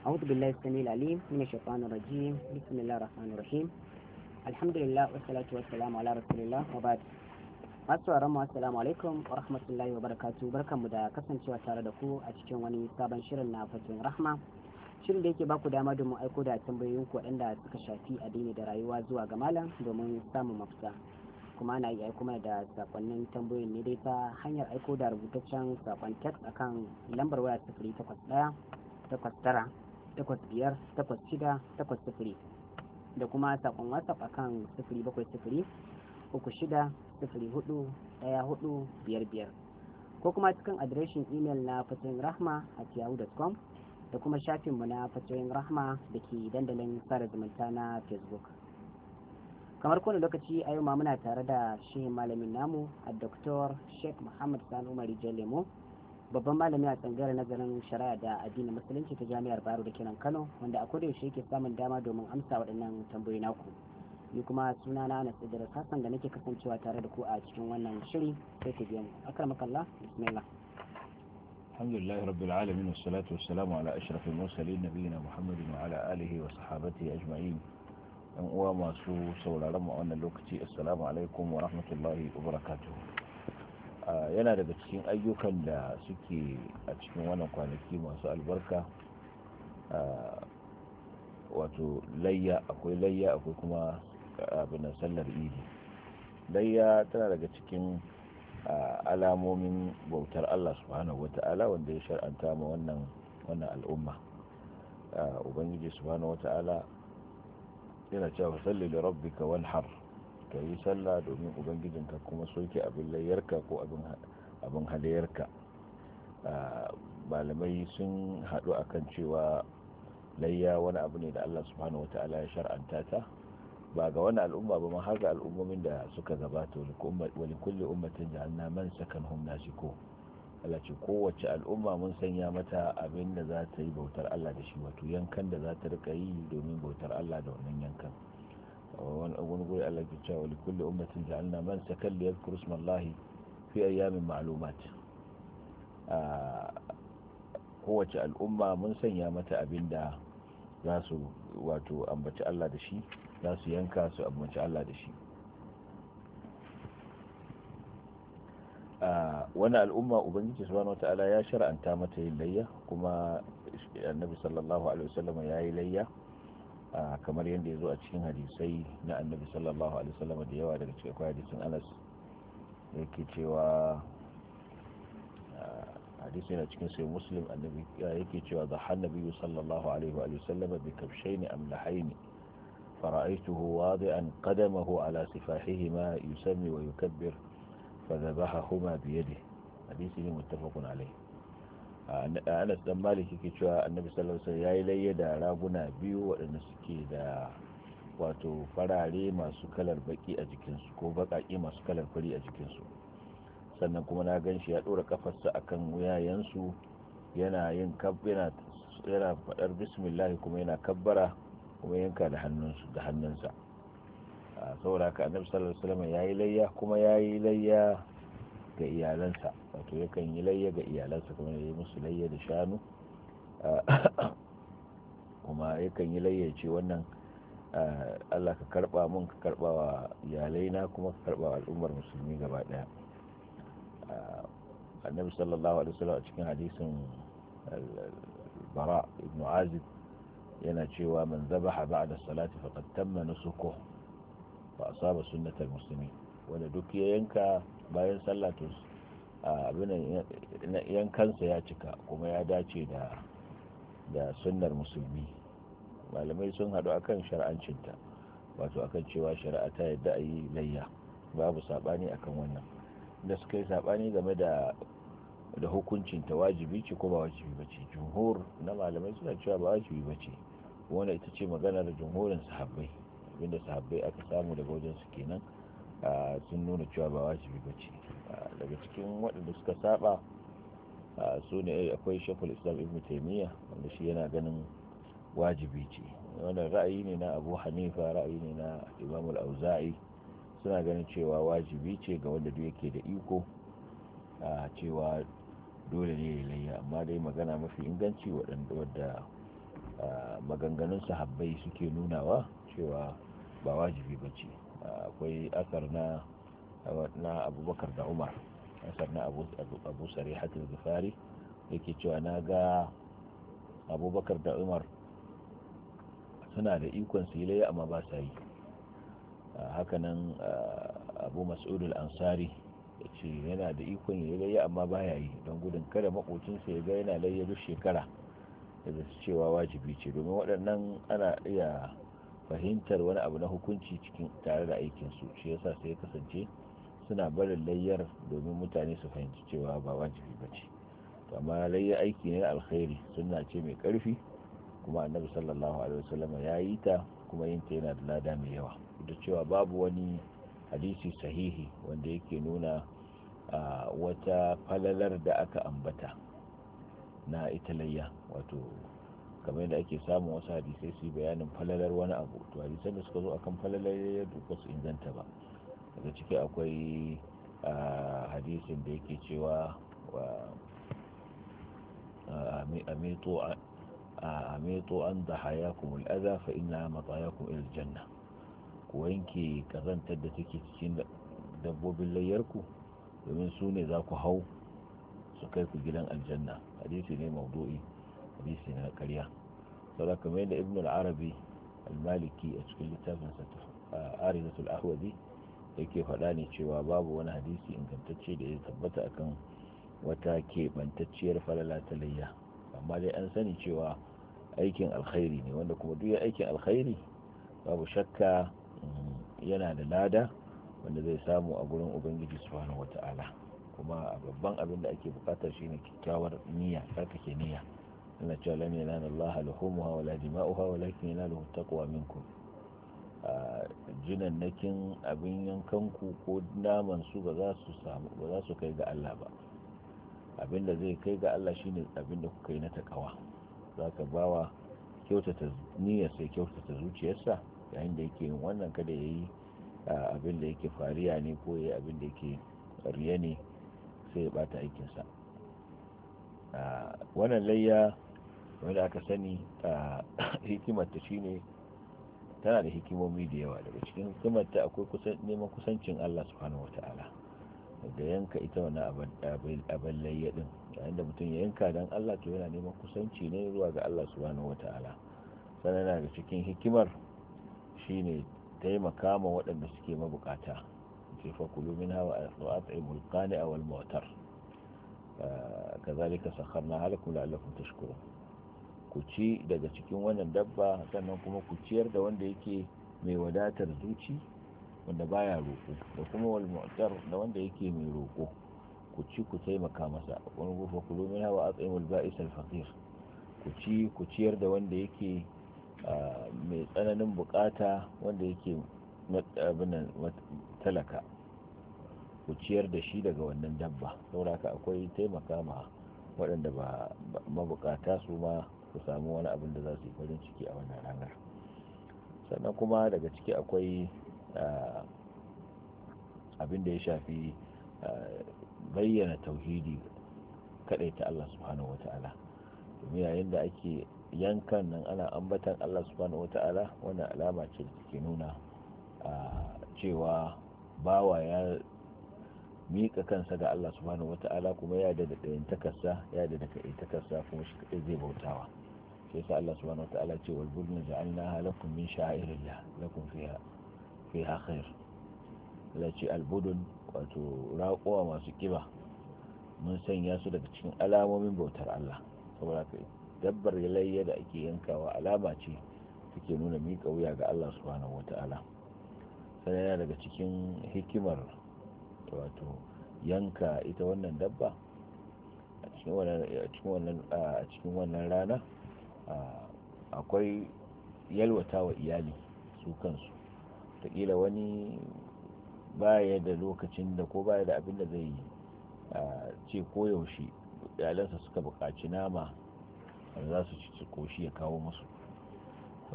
أعوذ بالله السميع العليم من الشيطان الرجيم بسم الله الرحمن الرحيم الحمد لله والصلاة والسلام على رسول الله وبعد masu mu assalamu alaikum wa rahmatullahi wa barakatu barkanmu da kasancewa tare da ku a cikin wani sabon shirin na fatin rahma shirin da yake baku dama domin aiko da tambayoyin ku waɗanda suka shafi addini da rayuwa zuwa ga malam domin samun mafita kuma ana yi aiko mana da sakonnin tambayoyin ne dai ta hanyar aiko da rubutaccen sakon text akan lambar waya sifiri takwas ɗaya takwas tara takwas biyar takwas shida takwas sifiri da kuma saƙon whatsapp akan sifiri bakwai sifiri uku shida sifiri hudu ɗaya hudu biyar biyar ko kuma cikin adireshin imel na fatoyin rahma a yahoo.com da kuma shafinmu na fatoyin rahma da ke dandalin sada zumunta na facebook kamar kowane lokaci a yau ma muna tare da shi malamin namu a dr sheikh muhammad sanu umar lemo babban malami a tsangayar nazarin shari'a da addinin musulunci ta jami'ar baro da kenan kano wanda a koda yaushe yake samun dama domin amsa waɗannan tambayoyi naku ni kuma sunana na na tsidara sassan da nake kasancewa tare da ku a cikin wannan shiri sai ta biyan akar makalla bismillah alhamdulillahi rabbil alamin wassalatu wassalamu ala ashrafil mursalin nabiyina muhammadin wa ala alihi wa sahabati ajma'in yan uwa masu sauraron mu a wannan lokaci assalamu alaikum wa rahmatullahi wa barakatuh yana daga cikin ayyukan da suke a cikin wannan kwanaki masu albarka wato layya akwai layya akwai kuma abin sallar idi layya tana daga cikin alamomin bautar Allah subhanahu wata'ala wanda ya shar'anta ma wannan wannan al'umma ubangiji subhanahu wata'ala yana cewa salli da rabbika wanhar ka yi sallah domin ubangijin ka kuma soke abin layyarka ko abin halayyarka malamai sun haɗu kan cewa layya wani abu ne da allah subhanahu wata'ala ya shar'anta ta ba ga wani al'umma ba mu har al'ummomin da suka gabata wani kulle ummatin jahanna man sakan hum nasiko Allah ce kowace al'umma mun sanya mata abin da za ta yi bautar Allah da shi wato yankan da za ta rika yi domin bautar Allah da wannan yankan wani wani guri Allah ke cewa kulle kulli ummatin ja'alna man ya yadhkuru isma mallahi fi ayyamin ma'lumat kowace al'umma mun sanya mata abin da za su wato ambaci Allah da shi za su yanka su ambaci Allah da shi wani al'umma ubangiji wani wataala ya shara'anta mata yin layya kuma annabi sallallahu alaihi wasallam ya yi layya kamar yadda ya zo a cikin hadisai na annabi sallallahu alaihi wasallam da yawa daga cikin hadisin anas da yake cewa hadisai na cikin sai muslim yake cewa da hannabi sallallahu alaihi wasallam bi kafshai ne am lahaini fara'aituhu waɗi an kadamahu ala sifahihima ma yusami wa yukabbir fa zabaha huma biyadi hadisi ne muttafaqun alaihi anas dan malik yake cewa annabi sallallahu alaihi wasallam yayi layya da raguna biyu waɗanda suke da wato farare masu kalar baki a jikinsu ko baƙaƙe masu kalar fari a jikinsu sannan kuma na gan shi ya ɗora kafarsa akan wuyayensu yana yin yana yana faɗar bismillah kuma yana kabbara kuma yanka da hannunsu da hannunsa saboda haka annabi sallallahu alaihi wasallam yayi layya kuma yayi layya ga iyalansa wato yakan yi layya ga iyalansa kuma ya yi musu layya da shanu kuma yakan yi layya ce wannan eh, Allah ka karba mun ka karba wa iyalaina kuma ka karba wa al'ummar musulmi gaba daya eh, annabi sallallahu alaihi wasallam a cikin hadisin bara ibn azib yana cewa man zabaha ba'da salati faqad tamma nusukuhu fa asaba sunnatal muslimin wanda duk ya yanka bayan sallah to abin yankansa ya cika kuma ya dace da da sunnar musulmi malamai sun hadu akan shar'ancinta wato akan cewa shari'a ta yadda a yi layya babu sabani akan wannan da suka yi sabani game da da hukuncinta wajibi ce ko ba wajibi ba ce jumhur na malamai suna cewa ba wajibi ba ce wanda ita ce maganar jumhurin sahabbai abinda sahabbai aka samu daga wajen su kenan Ah, sun nuna cewa ba wajibi ba ce ah, daga cikin waɗanda suka saba ah, su ne akwai shekul islam ibn taimiyya wanda shi yana ganin wajibi ce wanda ra'ayi ne na abu hanifa ra'ayi ne na imamul auza'i suna ganin cewa wajibi ce ga wanda duk yake da iko a cewa dole ne ya layya amma dai magana mafi inganci waɗanda wadda maganganun sahabbai suke nunawa cewa ba wajibi ba ce akwai asar na na abubakar da umar asar na abu sarihatul gifari yake cewa na ga abubakar da umar suna da ikon su amma ba sa yi hakanan ah, abu mas'udul ansari ya ce yana da ikon yi lai amma ba ya yi don gudun kada makocinsa ya ga yana layyar duk shekara da cewa wajibi ce domin waɗannan ana iya fahimtar wani abu na hukunci cikin tare da aikinsu shi yasa sai ya kasance suna barin layyar domin mutane su fahimci cewa ba wajibi ba ce to amma layyar aiki ne alkhairi suna ce mai karfi kuma annabi sallallahu alaihi wasallam ya yi ta kuma yin ta yana da lada mai yawa duk cewa babu wani hadisi sahihi wanda yake nuna wata falalar da aka ambata na ita wato kamar yadda ake samun wasu hadisai su bayanin falalar wani abu to hadisan da suka zo akan falalar ya duka su inganta ba daga ciki akwai hadisin da yake cewa amito an da hayakum al'aza fa ina matsayakum ilil janna ku wanke kazantar da take cikin dabbobin layyarku domin su ne za ku hau su kai ku gidan aljanna hadisi ne maudu'i hadisi na ƙarya saboda kamar yadda ibn al-arabi al-maliki a cikin littafin sa arizatul ahwazi yake faɗa ne cewa babu wani hadisi ingantacce da ya tabbata akan wata keɓantacciyar falala ta layya amma dai an sani cewa aikin alkhairi ne wanda kuma duk aikin alkhairi babu shakka mm, yana da lada wanda zai samu a gurin ubangiji subhanahu wata'ala kuma babban abin da ake bukatar shine kyakkyawar niyya ke niyya ina cewa lam yanana Allah luhumuha wala dima'uha walakin yanaluhu taqwa minkum jinannakin abin yankanku ko naman su ba za su samu ba za su kai ga Allah ba abinda zai kai ga Allah shine abinda kuka yi na takawa zaka bawa kyautata niyyar sai kyautata zuciyarsa yayin da yake yin wannan kada yayi abin da yake fariya ne ko yayi abin da yake riya ne sai ya bata aikinsa wannan layya da aka sani a hikimarta ne tana da hikimomi da yawa daga cikin hikimarta akwai neman kusancin Allah subhanahu wata'ala da yanka ita wani abin layyadin din yayin da mutum ya yanka don Allah to yana neman kusanci ne zuwa ga Allah subhanahu wata'ala sannan daga cikin hikimar shi shine taimaka ma waɗanda suke mabukata jefa a kulu a hawa a at'imul qani'a wal mu'tar kazalika sakharna halakum la'allakum tashkurun ku ci daga cikin wannan dabba sannan kuma ku ciyar da wanda yake mai wadatar zuci wanda baya roƙo da kuma wal mu'tar da wanda yake mai roƙo ku ci ku taimaka masa wani gufa ku zo min hawa atsayin wal ba'is al faqir ku ci ku ciyar da wanda yake mai tsananin bukata wanda yake talaka ku ciyar da shi daga wannan dabba saboda haka akwai taimaka ma waɗanda ba mabukata su ma su samu wani abin da za su yi farin ciki a wannan ranar sannan kuma daga ciki akwai abin da ya shafi bayyana tauhidi kadai ta Allah subhanahu ta'ala domin yayin da ake yankan nan ana ambatan Allah subhanahu ta'ala wannan alama ce da take nuna cewa bawa ya miƙa kansa ga Allah subhanahu ta'ala kuma ya da da takarsa ya da da takarsa kuma shi kaɗai zai bautawa sai sa Allah subhanahu ta'ala ce wal budna ja'alnaha lakum min sha'irillah lakum fiha fiha khair Allah al budun wato raƙuwa masu kiba mun sanya su daga cikin alamomin bautar Allah saboda kai dabbar layya da ake yankawa alama ce take nuna miƙa wuya ga Allah subhanahu ta'ala sai yana daga cikin hikimar wato yanka ita wannan dabba a cikin wannan rana akwai yalwata wa iyali su kansu taƙila wani baya da lokacin da ko baya da abin da zai yi ce koyaushe iyalansa suka bukaci nama za su ci koshi ya kawo musu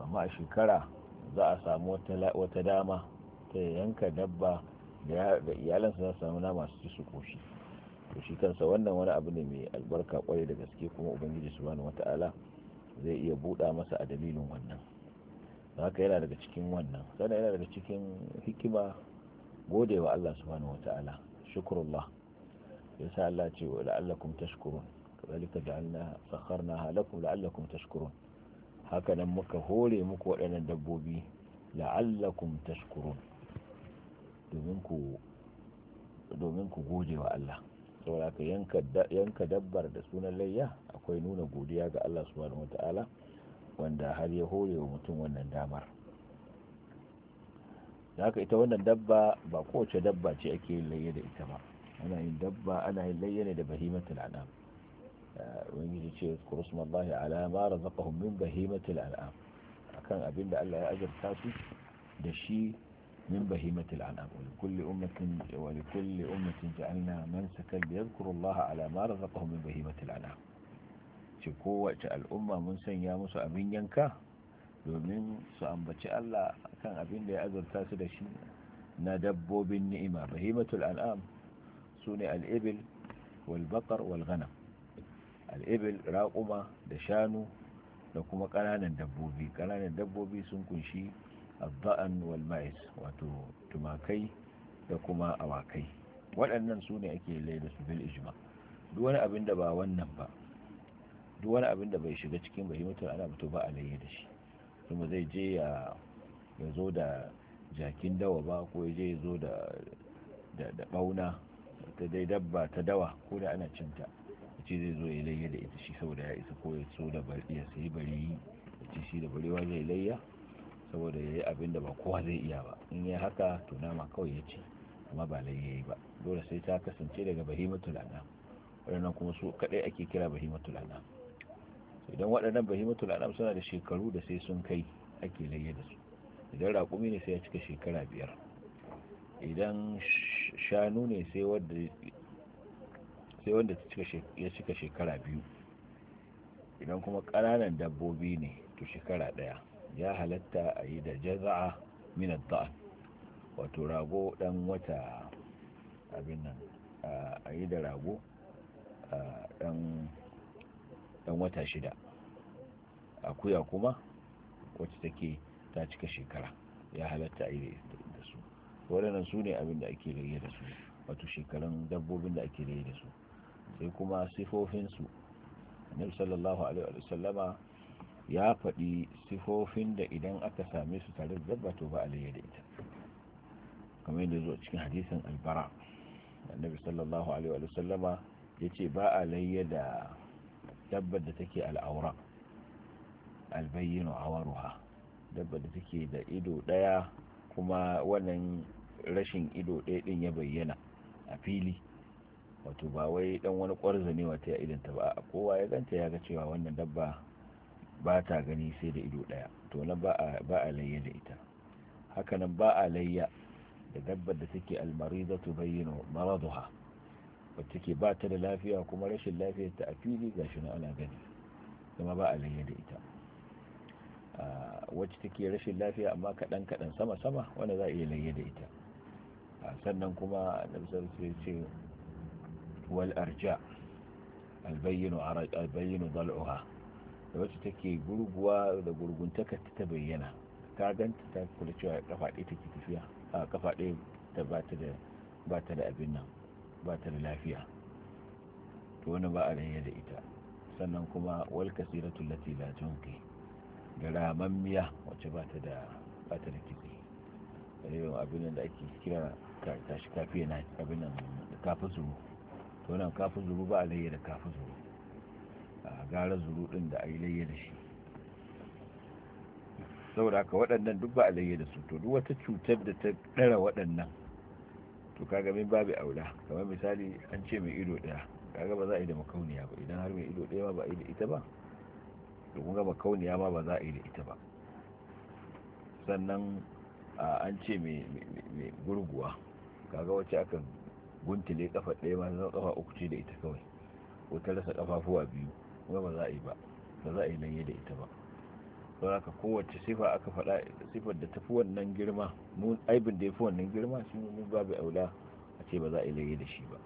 amma a shekara za a samu wata dama ta yanka dabba da iyalansa za su samu nama su ci su koshi to shi kansa wannan wani abu ne mai albarka kwarai da gaske kuma ubangiji su wata wata'ala zai iya buɗa masa a dalilin wannan haka yana daga cikin wannan sannan yana daga cikin hikima gode wa Allah subhanahu wa ta'ala ya sa Allah ce wa la'allakum tashkurun kadhalika ja'alna sakharna halakum la'allakum tashkurun haka nan muka hore muku waɗannan dabbobi la'allakum tashkurun domin ku domin ku gode wa Allah saboda ka yanka yanka dabbar da sunan layya akwai nuna godiya ga Allah subhanahu wata'ala wanda har ya hore wa mutum wannan damar da haka ita wannan dabba ba kowace dabba ce ake yin layya da ita ba ana yin dabba ana yin layya ne da bahimatul an'am eh, ubangiji ce kurusmallahi ala ma razaqahum min bahimatul an'am akan abin da Allah ya azurta su da shi من بهيمة الأنعام ولكل أمة ummatin أمة جعلنا منسكا ليذكروا الله على ما رزقهم min بهيمة الأنعام ce kowace al'umma mun sanya musu abin yanka domin su ambaci Allah kan abin da ya azurta su da shi na dabbobin ni'ima bahimatul al'am su ne al'ibil walbakar walghana al'ibil raƙuma da shanu da kuma ƙananan dabbobi ƙananan dabbobi sun kunshi abba'an walmais wato tumakai da kuma awakai waɗannan su ne ake da su bil ijma duk wani abin da ba wannan ba duk wani abin da bai shiga cikin bahimatar ana to ba a layi da shi kuma zai je ya zo da jakin dawa ba ko ya je ya zo da da bauna ta dai dabba ta dawa ko da ana cinta ce zai zo ya layya da ita shi saboda ya isa ko ya so da bari ya sai bari ya ci shi da barewa zai layya saboda ya yi abin da ba kowa zai iya ba in ya haka to nama kawai ya ce amma ba layya ba dole sai ta kasance daga bahimatul anam wadannan kuma su kadai ake kira bahimatul anam idan waɗannan bahimatul an'am suna da shekaru da sai sun kai ake layya da su idan raƙumi ne sai ya cika shekara biyar idan shanu ne sai wanda ya cika shekara biyu idan kuma ƙananan dabbobi ne to shekara ɗaya ya halatta a yi da jaza'a minar da'an wato rago ɗan wata abin nan a yi da rago ɗan dan wata shida akuya kuma wacce take ta cika shekara ya halatta a yi da su waɗannan su ne abin da ake raye da su wato shekarun dabbobin da ake raye da su sai kuma sifofinsu annabi sallallahu alaihi wa sallama ya faɗi sifofin da idan aka same su tare da dabba to ba a da ita kamar yadda zuwa cikin hadisin albara annabi sallallahu alaihi wa sallama ya ce ba a layya da dabbar da take al'aura albayyinu awaruha dabbar da take da ido daya kuma wannan rashin ido ɗaya ɗin ya bayyana a fili wato ba wai dan wani ƙwarza ne wata ya idanta ba kowa ya ganta ya ga cewa wannan dabba ba ta gani sai da ido ɗaya to nan ba a layya da ita hakanan ba a layya da dabbar da take almarida bayyana maraduha wacce ke ba ta da lafiya kuma rashin lafiyar ta a fili ga shi ana gani kuma ba a layya da ita wacce take rashin lafiya amma kaɗan kaɗan sama sama wanda za a iya layya da ita sannan kuma annabi sallallahu alaihi ce wal arja albayyinu albayyinu dal'uha da wacce take gurguwa da gurguntaka ta bayyana ta ganta ta kula cewa kafa ɗaya take tafiya a kafa ɗaya ta ba ta da abin nan ba ta da lafiya to wani ba a rayya da ita sannan kuma wal kasiratu lati la tunqi da ramammiya wacce ba ta da ba ta da kitse ayyukan abin da ake kira tashi kafiya na abin nan kafin zuru to wannan kafin zuru ba a rayya da kafin zuru a gara zuru din da ayi layya da shi saboda haka waɗannan duk ba a layya da su to duk wata cutar da ta ɗara waɗannan to kaga min babu aula kamar misali an ce mai ido daya kaga ba za a yi da makauniya ba idan har mai ido daya ba a yi da ita ba to kun ga makauniya ma ba za a yi da ita ba sannan an ce mai gurguwa kaga wacce aka guntule kafa daya ma zan kafa uku ce da ita kawai ko ta rasa kafafuwa biyu kuma ba za a yi ba ba za a yi nan da ita ba haka kowace sifa aka faɗa sifar da tafi wannan girma mun aibin da ya fi wannan girma shi mun babu aula a ce ba za a ilaye da shi ba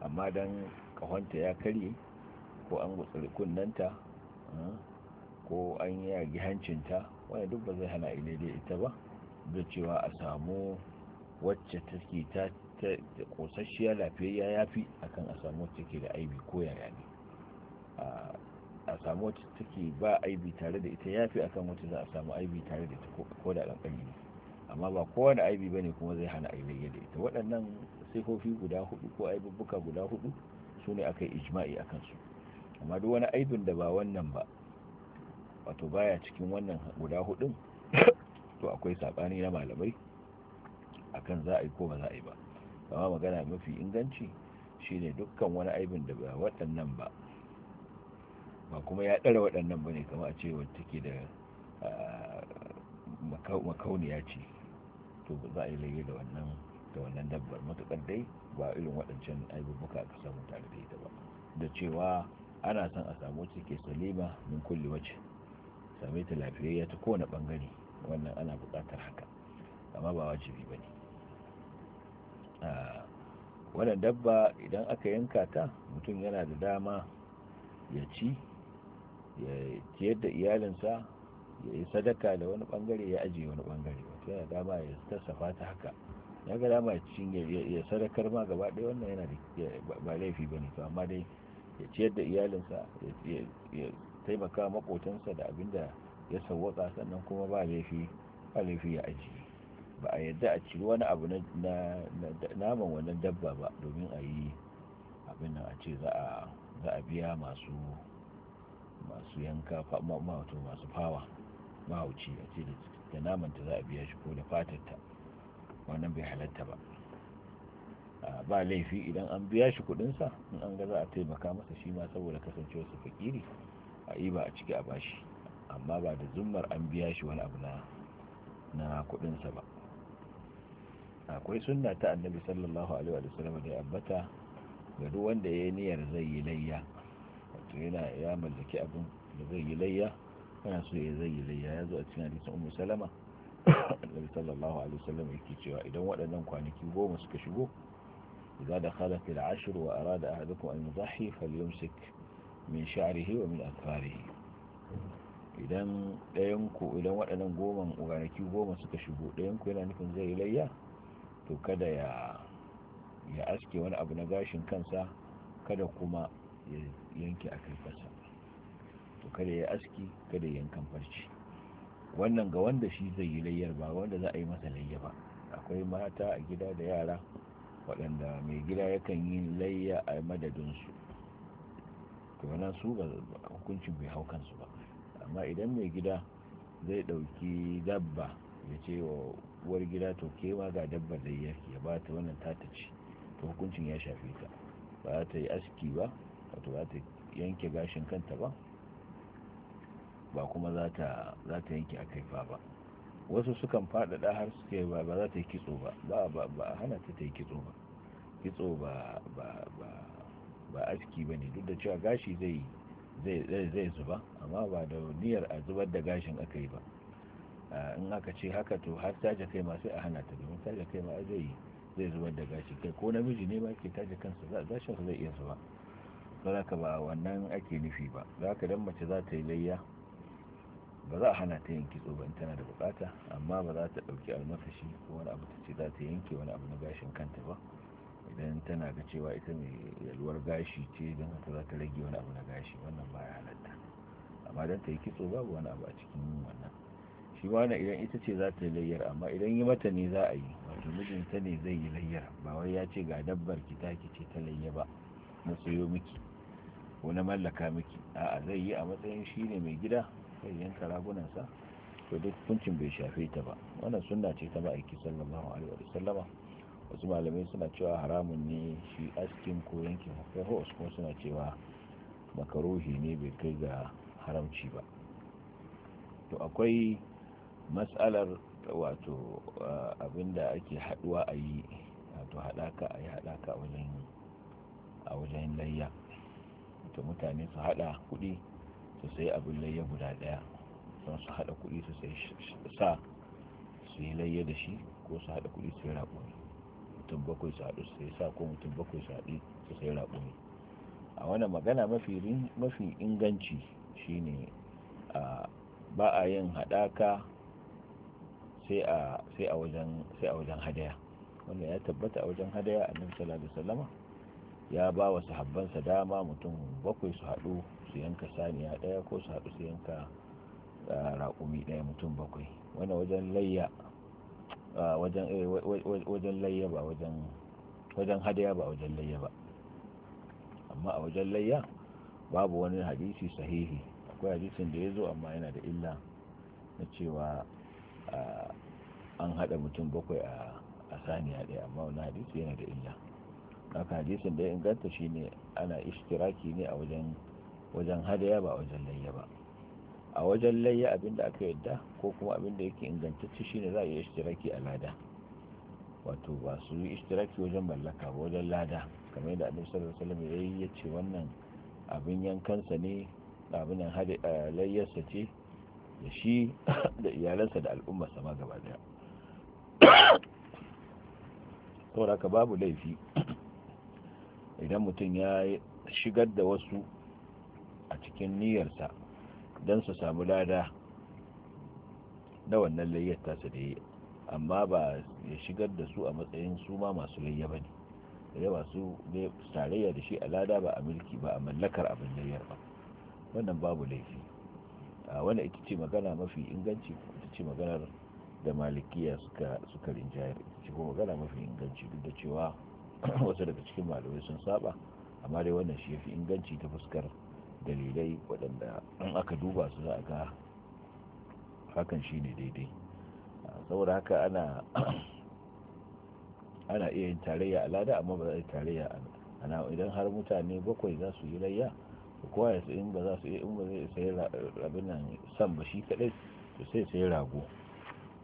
amma dan kahonta ya karye ko an gutsuri kunnanta ah, ko an yi hancin hancinta wani duk ba zai hana ilaye da ita ba da cewa a samu wacce ta ke ta kosasshiya lafiyayya ya fi akan a samu wacce ke da aibi ko yaya ne ah, a samu wacce take ba aibi tare da ita yafi akan wacce za a samu aibi tare da ita ko da kankani ne amma ba kowane aibi bane kuma zai hana aibayya da ita waɗannan sifofi guda hudu ko aibubbuka guda hudu su ne aka yi ijma'i a kansu amma duk wani aibin da ba wannan ba wato baya cikin wannan guda hudun to akwai sabani na malamai akan za a yi ko ba za a yi ba amma magana mafi inganci shine dukkan wani aibin da ba waɗannan ba ba kuma ya ɗara waɗannan ba ne kama a ce wata ke da makauniya ce to ba za a yi laye da wannan da dabbar matuƙar dai ba irin waɗancan aibubuka aka samu tare da ita ba da cewa ana son a samu wacce ke salima min kulli wacce same ta lafiyayya ta kowane ɓangare wannan ana buƙatar haka amma ba wajibi ba ne wannan dabba idan aka yanka ta mutum yana da dama ya ci ya ciyar da iyalinsa ya yi sadaka da wani bangare ya ajiye wani bangare wato yana dama ya sassafa ta haka ya ga dama ya sadakar ma gaba ɗaya wannan yana da ba laifi ba ne to amma dai ya ciyar da iyalinsa ya taimaka makotansa da abin da ya sauwaka sannan kuma ba laifi ba laifi ya ajiye ba a yadda a ciri wani abu na naman wannan dabba ba domin a yi abin nan a ce za a biya masu masu yanka mawato masu fawa mahauci a ce da namanta za a biya shi ko da fatarta wannan bai halatta ba ba laifi idan an biya shi kudinsa in an ga za a taimaka masa shi ma saboda kasancewa su fakiri a iba a ciki a bashi amma ba da zummar an biya shi wani abu na kudinsa ba akwai sunna ta annabi sallallahu alaihi wa sallam da ya ambata ga duk wanda ya yi niyyar zai yi layya to yana ya mallaki abin da zai yi layya yana so ya zai yi layya ya zo a cikin hadisin ummu salama annabi sallallahu alaihi wasallam yake cewa idan waɗannan kwanaki goma suka shigo idza dakhala fil ashr wa arada ahadukum an yudhi falyumsik min sha'rihi wa min akfarihi idan ɗayan ku idan waɗannan goman kwanaki goma suka shigo ɗayan ku yana nufin zai yi layya to kada ya ya aske wani abu na gashin kansa kada kuma ya yanke a kaifarsa to kada ya aski kada yankan farci wannan ga wanda shi zai yi layyar ba wanda za a yi masa layya ba akwai mata a gida da yara waɗanda mai gida yakan yi layya a madadinsu to wannan su ba hukuncin bai hau kansu ba amma idan mai gida zai ɗauki dabba ya ce wa uwar gida to ke ma ga dabba layyar ya ba ta wannan tata ce to hukuncin ya shafe ta ba ta yi aski ba wato za ta yanke gashin kanta ba ba kuma za ta yanke akaifa ba wasu sukan faɗaɗa har suke ba ba za ta yi kitso ba ba a hana ta ta yi kitso ba kitso ba aski ba ne duk da cewa gashi zai zai zuba amma ba da niyyar a zubar da gashin aka yi ba in aka ce haka to har taje kai ma sai a hana ta domin taje kai ma zai zubar da gashi kai ko namiji ne ba ke taje kansa gashin zai iya zuba ka ba wannan ake nufi ba za ka dan mace za ta yi layya ba za a hana ta yin kitso ba in tana da bukata amma ba za ta ɗauki almasashi ko wani abu ta ce za ta yanke wani abu na gashin kanta ba idan tana ga cewa ita mai yalwar gashi ce don haka za ta rage wani abu na gashi wannan ba ya halatta amma don ta yi kitso ba wani abu a cikin wannan shi wani idan ita ce za ta yi layyar amma idan yi mata ne za a yi wato mijinta ne zai yi layyar ba wai ya ce ga dabbar ki ta ki ce ta layya ba na sayo miki ko na mallaka miki a'a zai yi a matsayin shi ne mai gida sai yanka ragunansa to duk kuncin bai shafe ta ba wannan sunna ce ta ma'aiki sallallahu alaihi wa sallama wasu malamai suna cewa haramun ne shi askin ko yankin kai wasu kuma suna cewa makaruhi ne bai kai ga haramci ba to akwai matsalar wato ah, abinda ake haduwa a yi wato hadaka a yi hadaka a wajen layya to mutane su hada kudi su sai abin layya guda daya don su hada kudi su sai sa su yi layya da shi ko su hada kudi su yi raƙumi mutum bakwai su hadu su sai sa ko mutum bakwai su hadu su sai raƙumi a wannan magana mafi inganci shine ba a yin haɗaka sai a wajen hadaya wanda ya tabbata a wajen hadaya annabi sallallahu alaihi wasallama ya ba wa sahabbansa dama mutum bakwai su haɗu su yanka saniya ɗaya ko su haɗu su yanka raƙumi ɗaya mutum bakwai wani wajen layya eh, wajen layya ba wajen hadaya ba wajen layya ba amma a wajen layya babu wani hadisi sahihi akwai hadisin da ya zo amma yana da illa na cewa an haɗa mutum bakwai a saniya ɗaya amma wani hadisi yana da illa haka hadisin da ya inganta shi ne ana ishtiraki ne a wajen hadaya ba wajen layya ba a wajen layya abinda aka yadda ko kuma abinda yake ingantacce shi ne za a yi ishtiraki a lada wato ba su yi ishtiraki wajen mallaka ba wajen lada kamar yadda abin sallallahu alaihi wasallam yayi yace wannan abin yankansa ne abin eh, layyarsa ce da shi da iyalansa da al'ummarsa ma gaba daya saboda ka babu laifi idan mutum ya shigar da wasu a cikin niyyarsa don su samu lada na wannan layyar tasa da yi amma ba ya shigar da su a matsayin su ma masu layya ba ne da masu tarayya da shi a lada ba a milki ba a mallakar abin layyar ba wannan babu laifi a wani ita ce magana mafi inganci ita ce maganar da malikiya suka rinjayar ita ce magana mafi inganci duk da cewa wasu daga cikin malamai sun saba amma dai wannan shi yafi inganci ta fuskar dalilai waɗanda in aka duba su za a ga hakan shine daidai saboda haka ana ana iya yin tarayya a lada amma ba za a yi tarayya a na idan har mutane bakwai za su yi rayya kowa ya in ba za su yi in ba zai sayi rabin nan san ba shi kadai to sai sai rago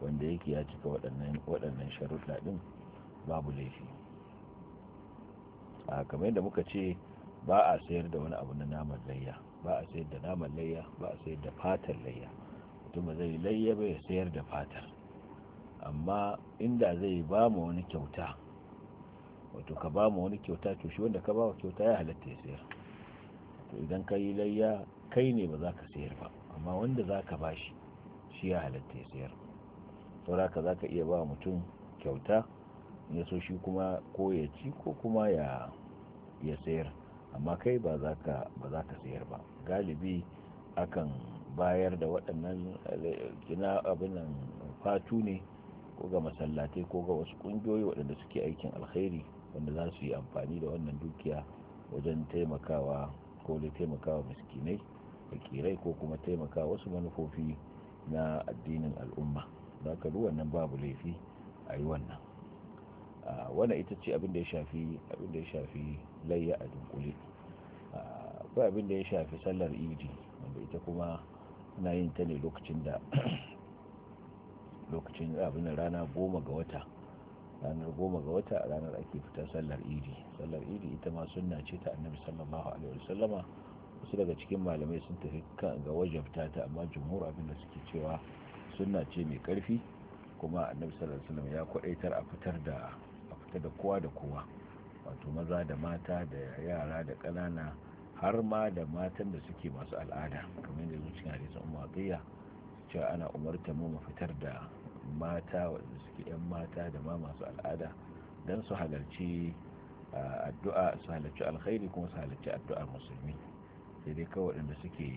wanda yake ya cika waɗannan waɗannan sharuɗa din babu laifi a kamar yadda muka ce ba a sayar da wani abu na naman layya ba a sayar da naman layya ba a sayar da fatar layya mutum zai yi layya bai sayar da fatar amma inda zai ba mu wani kyauta wato ka ba mu wani kyauta to shi wanda ka ba wa kyauta ya halatta ya sayar to idan ka yi layya kai ne ba za ka sayar ba amma wanda za ka ba shi shi ya halatta ya sayar saura ka za ka iya ba mutum kyauta ya so shi kuma ko ya ci ko kuma ya sayar amma kai ba za ka sayar ba galibi akan bayar da waɗannan gina eh, nan fatu ne ko ga masallatai ko ga wasu ƙungiyoyi waɗanda suke aikin alkhairi wanda za su yi amfani da wannan dukiya wajen taimakawa ko da taimakawa miskinai fakirai ko kuma taimakawa wasu manufofi na addinin al'umma za ka wannan babu laifi a yi wannan Ah, wannan ita ce abin da ya shafi abin da ya shafi layya a dunkule ah, akwai abin da ya shafi sallar idi wanda ita kuma na yin ta ne lokacin da lokacin abin rana goma ga wata ranar goma ga wata a ranar ake fita sallar idi sallar idi ita ma sunna ce ta annabi sallallahu alaihi wasallama wasu daga cikin malamai sun tafi ga wajabta ta amma jumhur abin da suke cewa sunna ce mai karfi kuma annabi sallallahu alaihi wasallam ya kwadaitar a fitar da ta da kowa da kowa wato maza da mata da yara da ƙanana har ma da matan da suke masu al'ada kamar da zuciya hadisin umarziya cewa ana umarta mu mu fitar da mata waɗanda suke 'yan mata da ma masu al'ada don su halarci addu'a su halarci alkhairi kuma su halarci addu'a musulmi sai dai kawai waɗanda suke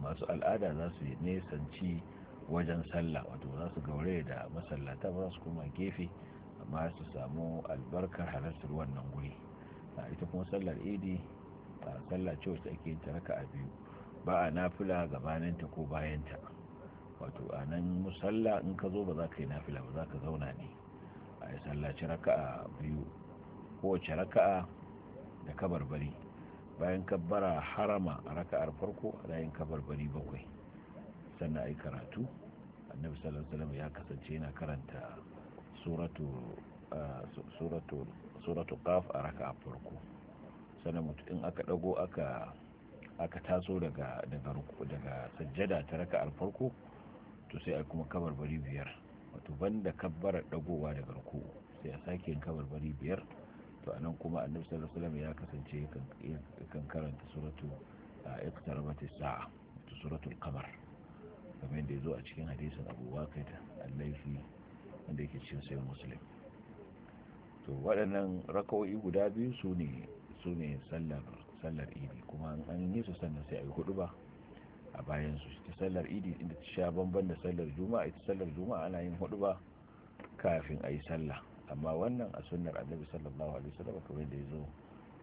masu al'ada za su nesanci wajen sallah wato za su gaure da masallata ba su koma gefe amma su samu albarkar halartar wannan guri ita kuma sallar idi a sallar ce wacce ake ta raka a biyu ba a nafila gabaninta ko bayanta wato a nan musalla in ka zo ba za ka yi nafila ba za ka zauna ne a yi sallaci raka'a biyu ko kowace raka'a da kabarbari bayan kabbara harama a raka'ar farko bayan kabarbari bakwai sannan ayi karatu annabi sallallahu alaihi ya kasance yana karanta suratu qaf a raka farko sannan mutum in aka dago aka taso daga daga sajjada ta raka farko to sai ai kuma kabar bari biyar wato banda kabbara dagowa daga ruku sai a sake yin kabar bari biyar to anan kuma annabi sallallahu alaihi ya kasance kan karanta suratu a as-sa'a suratu qamar kamar yadda ya zo a cikin hadisin abu waqid al wanda yake cikin sayan muslim to waɗannan raka'o'i guda biyu su ne su ne sallar idi kuma an yi su sannan sai a yi hudu ba a bayan su ita sallar idi inda ta sha bamban da sallar juma'a ita sallar juma'a ana yin hudu ba kafin a yi sallah amma wannan a sunnar annabi sallallahu alaihi wasallam kamar da ya zo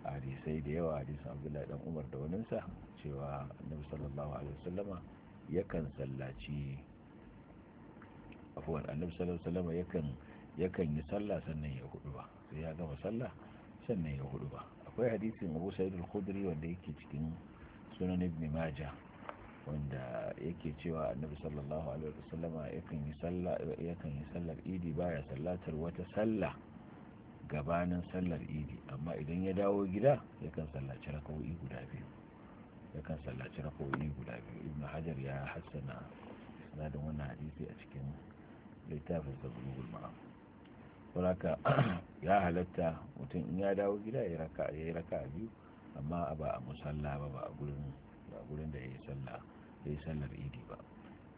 a hadisai da yawa hadisin abdullahi dan umar da waninsa cewa annabi sallallahu alaihi wasallama yakan sallaci afuwan annabi sallallahu alaihi yakan yakan yi sallah sannan ya hudu ba sai ya gama sallah sannan ya hudu ba akwai hadisin Abu Sa'id al-Khudri wanda yake cikin Sunan Ibn Majah wanda yake cewa annabi sallallahu alaihi wasallam yakan yi sallah yakan yi sallar idi baya sallatar wata sallah gabanin sallar idi amma idan ya dawo gida yakan sallaci rakawoyi guda biyu yakan sallaci rakawoyi guda biyu ibn hajar ya hassana sanadin wannan hadisi a cikin littafin sa gulma ma'am saboda ya halatta mutum in ya dawo gida ya raka a biyu amma ba a musalla ba ba a gurin da ya yi sallah ya yi sallar idi ba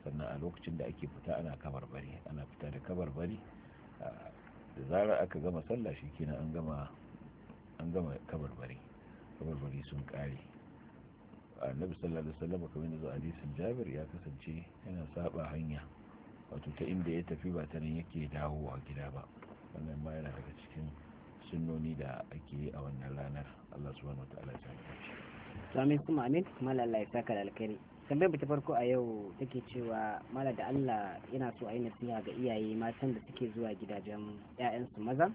sannan a lokacin da ake fita ana kabar bari ana fita da kabar bari da zarar aka gama sallah shi kenan an gama an gama sun kare annabi sallallahu alaihi wasallam kamar yanzu zuwa jabir ya kasance yana saba hanya wato ta inda ya tafi ba ta nan yake dawowa gida ba wannan ma yana daga cikin sunnoni da ake yi a wannan ranar Allah subhanahu wataala ya sami kuma amin malala ya saka da alkhairi tambayar ta farko a yau take cewa mala da Allah yana so a yi nasiha ga iyaye matan da suke zuwa gidajen 'ya'yansu maza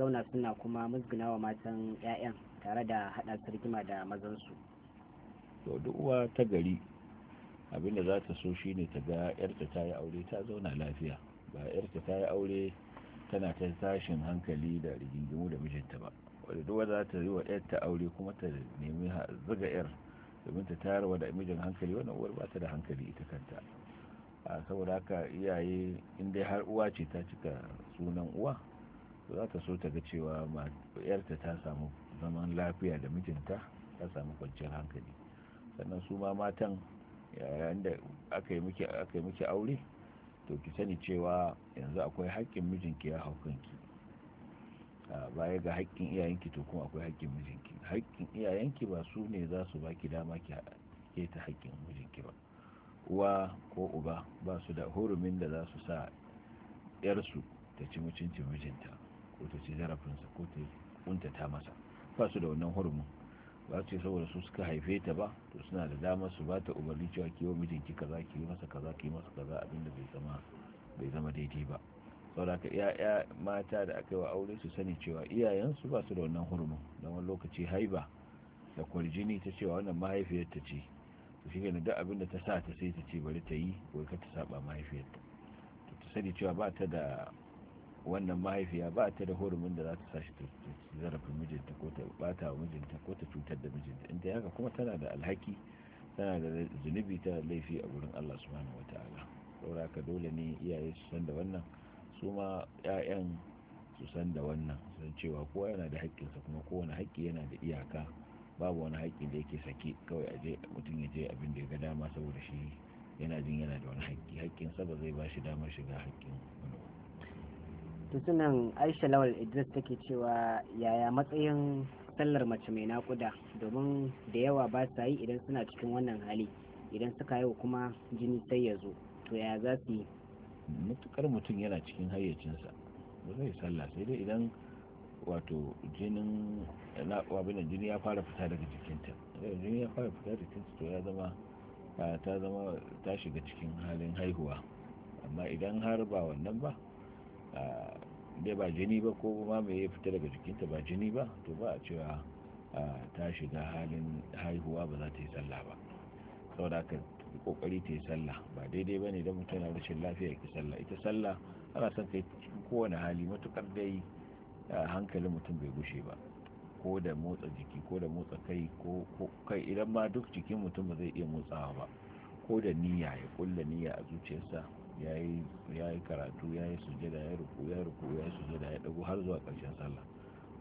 zauna suna kuma musgunawa matan 'ya'yan tare da haɗa su rigima da mazansu to duk uwa ta gari abinda za ta so ne ta ga yarta ta yi aure ta zauna lafiya ba yarta ta yi aure tana ta tashin hankali da rigingimu da mijinta ba wadda duk za ta yi wa yarta aure kuma ta nemi zuga yar domin ta wa da mijin hankali wannan uwar ba ta da hankali ita kanta a saboda haka iyaye in dai har uwa ce ta cika sunan uwa za ta so ta ga cewa yarta ta samu zaman lafiya da mijinta ta samu kwanciyar hankali sannan su ma matan yayin da aka yi miki aure to ki sani cewa yanzu akwai haƙƙin mijinki ya hau kanki baya ga haƙƙin iyayenki to kuma akwai haƙƙin mijinki haƙƙin iyayenki ba su ne za su baki dama ki keta haƙƙin mijinki ba uwa ko uba ba su da hurumin da za su sa yarsu ta ci mutuncin mijinta ko ta ci zarafinsa ko ta kuntata masa ba su da wannan hurumin ba ce saboda su suka haife ta ba to suna da damar su ba ta umarni cewa ki yi ki kaza ki yi masa kaza ki yi masa kaza abinda bai zama bai zama daidai ba saboda ka ya'ya mata da aka yi wa aure su sani cewa iyayensu ba su da wannan hurumin don wani lokaci haiba da kwarjini ta cewa wannan mahaifiyar ta ce to shi gani duk abin da ta sa ta sai ta ce bari ta yi ko ka ta saba mahaifiyar to ta sani cewa ba ta da wannan mahaifiya ba ta da hurumin da za ta sashi ta zarafin mijinta ko ta bata wa mijinta ko ta cutar da mijinta in ta kuma tana da alhaki tana da zunubi ta laifi a wurin Allah subhanahu wataala saboda ka dole ne iyaye su san da wannan su ma 'ya'yan su san da wannan san cewa kowa yana da haƙƙinsa kuma kowane haƙƙi yana da iyaka babu wani haƙƙi da yake sake kawai a je mutum ya je abin da ya ga dama saboda shi yana jin yana da wani haƙƙi haƙƙinsa ba zai ba shi damar shiga haƙƙin tutunan aisha lawal idris take cewa yaya matsayin sallar mace mai nakuda domin da yawa ba sa yi idan suna cikin wannan hali idan suka yau kuma jini sai ya zo to ya za su yi matukar mutum yana cikin hayyacinsa ba zai sallah sai dai idan wato jinin wabinan jini ya fara fita daga jikinta jini ya fara fita daga jikinta to ya zama ta zama ta shiga cikin halin haihuwa amma idan har ba wannan ba da ba jini ba ko ma mai ya fita daga jikinta ba jini ba to ba a cewa ta shiga halin haihuwa ba za ta yi sallah ba saboda haka kokari ta yi sallah ba daidai ba ne don mutum na rashin lafiya ki sallah ita sallah ana son kai cikin kowane hali matukar dai hankalin mutum bai gushe ba ko da motsa jiki ko da motsa kai ko kai idan ma duk jikin mutum ba zai iya motsawa ba ko da niyya ya kulla niyya a zuciyarsa ya yi karatu ya yi sujada ya ruku ya ruku ya yi sujada ya dago har zuwa ƙarshen sallah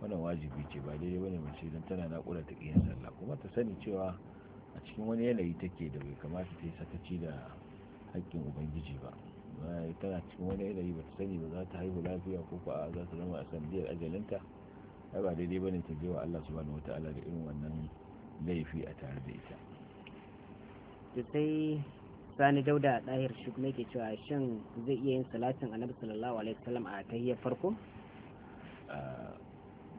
wannan wajibi ce ba daidai bane mace don tana naƙuda ta ƙiyan sallah kuma ta sani cewa a cikin wani yanayi take da bai kamata ta yi sakaci da haƙƙin ubangiji ba tana cikin wani yanayi ba ta sani ba za ta haihu lafiya ko ba za ta zama a sandiyar ajalinta ai ba daidai bane ta je wa Allah subhanahu wataala da irin wannan laifi a tare da ita sai sani dauda dahir shuk ne ke cewa shin zai iya yin salatin annabi sallallahu alaihi wasallam a tahiyar farko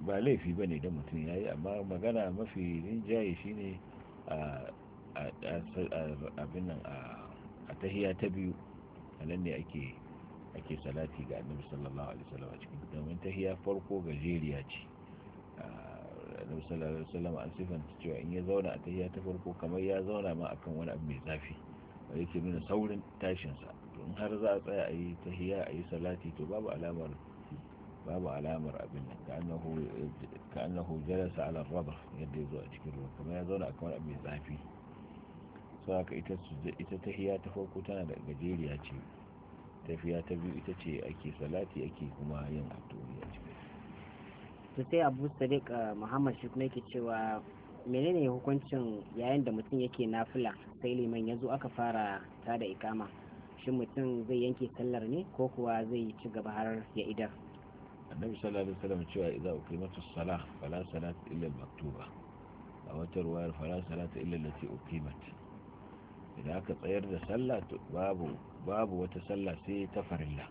ba laifi ba ne da mutum ya yi amma magana mafi rinjaye shi ne abin nan a tahiya ta biyu a nan ne ake ake salati ga annabi sallallahu alaihi wasallam a cikin domin tahiya farko gajeriya ce annabi sallallahu alaihi wasallam an sifanta cewa in ya zauna a tahiya ta farko kamar ya zauna ma akan wani abu mai zafi da yake nuna saurin tashinsa to in har za a tsaya a yi tahiya a yi salati to babu alamar babu alamar abin nan ka annahu jalasa ala raba yadda ya zo a cikin ruwa kuma ya zauna a kamar abin zafi su haka ita tahiya ta farko tana da gajeriya ce tafiya ta biyu ita ce ake salati ake kuma yin addu'o'i a cikin to sai abu sadiq muhammad shi kuma yake cewa menene hukuncin yayin da mutum yake nafila sai liman ya zo aka fara ta da ikama shin mutum zai yanke sallar ne ko kuwa zai ci gaba har ya idar annabi sallallahu alaihi wasallam cewa idza uqimatus salah fala salata illa al-maktuba a wata ruwayar fala salata illa allati uqimat idan aka tsayar da sallah babu babu wata sallah sai ta farilla